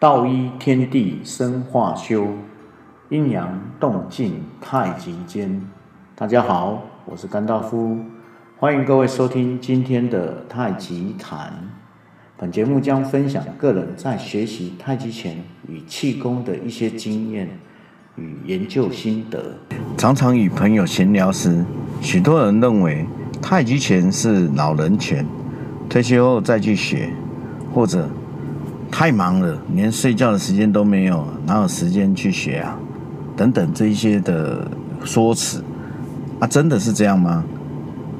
道一天地生化修，陰陽動靜太極間。大家好，我是甘道夫，歡迎各位收聽今天的太極談。本節目將分享個人在學習太極拳與氣功的一些經驗與研究心得。常常與朋友閒聊時，許多人認為太極拳是老人拳，退休後再去學，或者。太忙了，連睡覺的時間都沒有，哪有時間去學啊？等等，這一些的說辭，啊，真的是這樣嗎？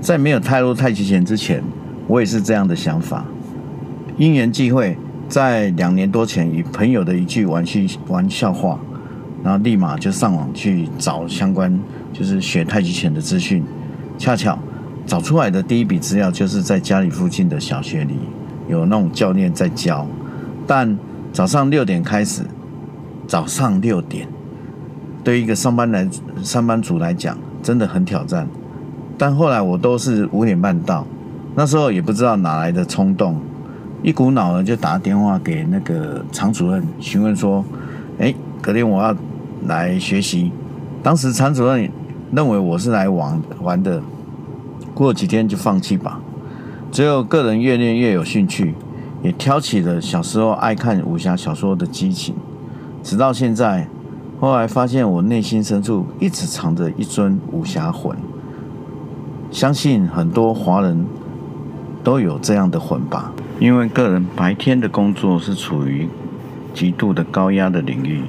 在沒有踏入太極拳之前，我也是這樣的想法。因緣際會，在兩年多前，與朋友的一句玩趣玩笑話，然後立馬就上網去找相關，就是學太極拳的資訊。恰巧找出來的第一筆資料，就是在家裡附近的小學裡，有那種教練在教。但早上六點開始，早上六點，對一個上班來上班族來講，真的很挑戰。但後來我都是五點半到，那時候也不知道哪來的衝動，一股腦的就打電話給那個場主任詢問說：“哎，隔天我要來學習。”當時場主任認為我是來玩玩的，過幾天就放棄吧。只有個人越練越有興趣。也挑起了小時候愛看武俠小說的激情，直到現在，後來發現我內心深處一直藏着一尊武俠魂。相信很多華人都有這樣的魂吧。因為個人白天的工作是處於極度的高壓的領域，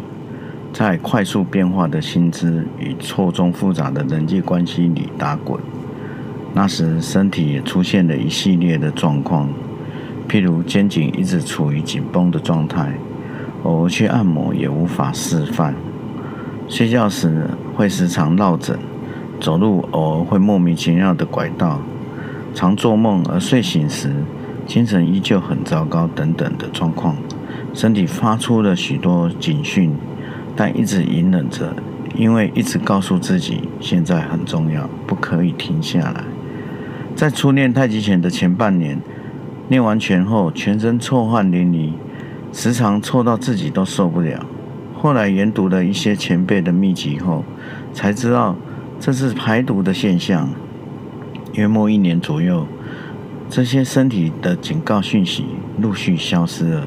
在快速變化的薪資與錯綜複雜的人際關係裡打滾，那時身體也出現了一系列的狀況。譬如肩頸一直處於緊繃的狀態，偶爾去按摩也無法釋放；睡覺時會時常落枕，走路偶爾會莫名其妙的拐道，常做夢而睡醒時精神依舊很糟糕等等的狀況，身體發出了許多警訊，但一直隱忍着，因為一直告訴自己現在很重要，不可以停下來。在初練太極拳的前半年。練完拳後，全身臭汗淋漓，時常臭到自己都受不了。後來研讀了一些前輩的秘籍後，才知道這是排毒的現象。約莫一年左右，這些身體的警告訊息陸續消失了，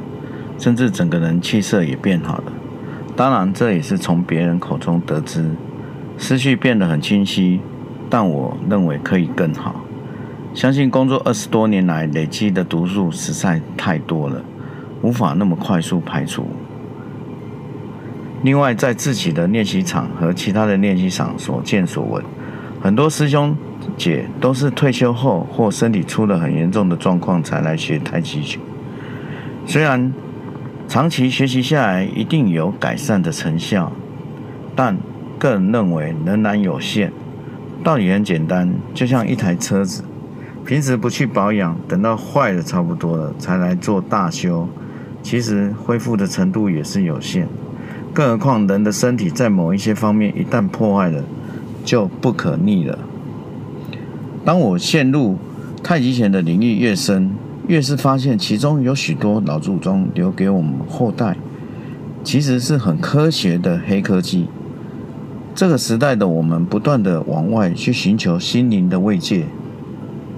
甚至整個人氣色也變好了。當然，這也是從別人口中得知，思緒變得很清晰。但我認為可以更好。相信工作二十多年來累積的毒素實在太多了，無法那麼快速排除。另外，在自己的練習場和其他的練習場所見所聞，很多師兄姐都是退休後或身體出了很嚴重的狀況才來學太極拳。雖然長期學習下來一定有改善的成效，但個人認為仍然有限。道理很簡單，就像一台車子。平時不去保養，等到壞的差不多了才來做大修，其實恢復的程度也是有限。更何況人的身體在某一些方面一旦破壞了，就不可逆了。當我陷入太極拳的領域越深，越是發現其中有許多老祖宗留給我們後代，其實是很科學的黑科技。這個時代的我們不斷地往外去尋求心靈的慰藉。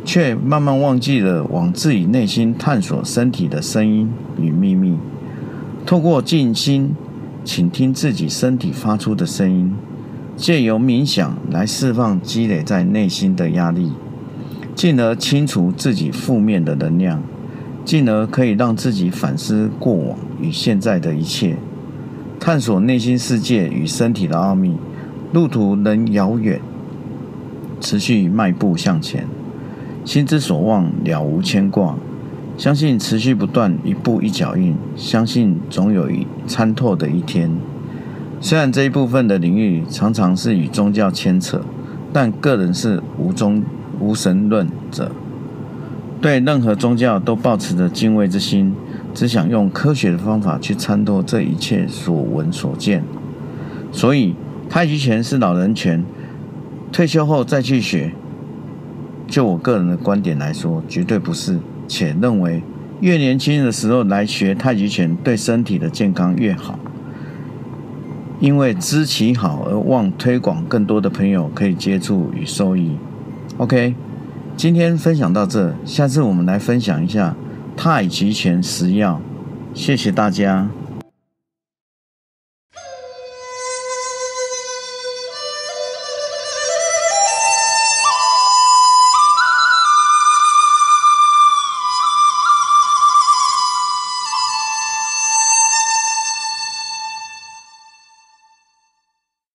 卻慢慢忘記了往自己內心探索身體的聲音與秘密。透過靜心，傾聽自己身體發出的聲音；借由冥想來釋放積累在內心的壓力，進而清除自己負面的能量，進而可以讓自己反思過往與現在的一切，探索內心世界與身體的奧秘。路途仍遙遠，持續邁步向前。心之所望，了無牽掛。相信持續不斷，一步一腳印。相信總有一參透的一天。雖然這一部分的領域常常是與宗教牽扯，但個人是無中無神論者，對任何宗教都抱持着敬畏之心，只想用科學的方法去參透這一切所聞所見。所以，太極拳是老人拳，退休後再去學？就我個人的觀點來說，絕對不是，且認為越年輕的時候來學太極拳，對身體的健康越好。因為知其好而望推廣，更多的朋友可以接觸與受益。OK，今天分享到這，下次我們來分享一下太極拳十要。謝謝大家。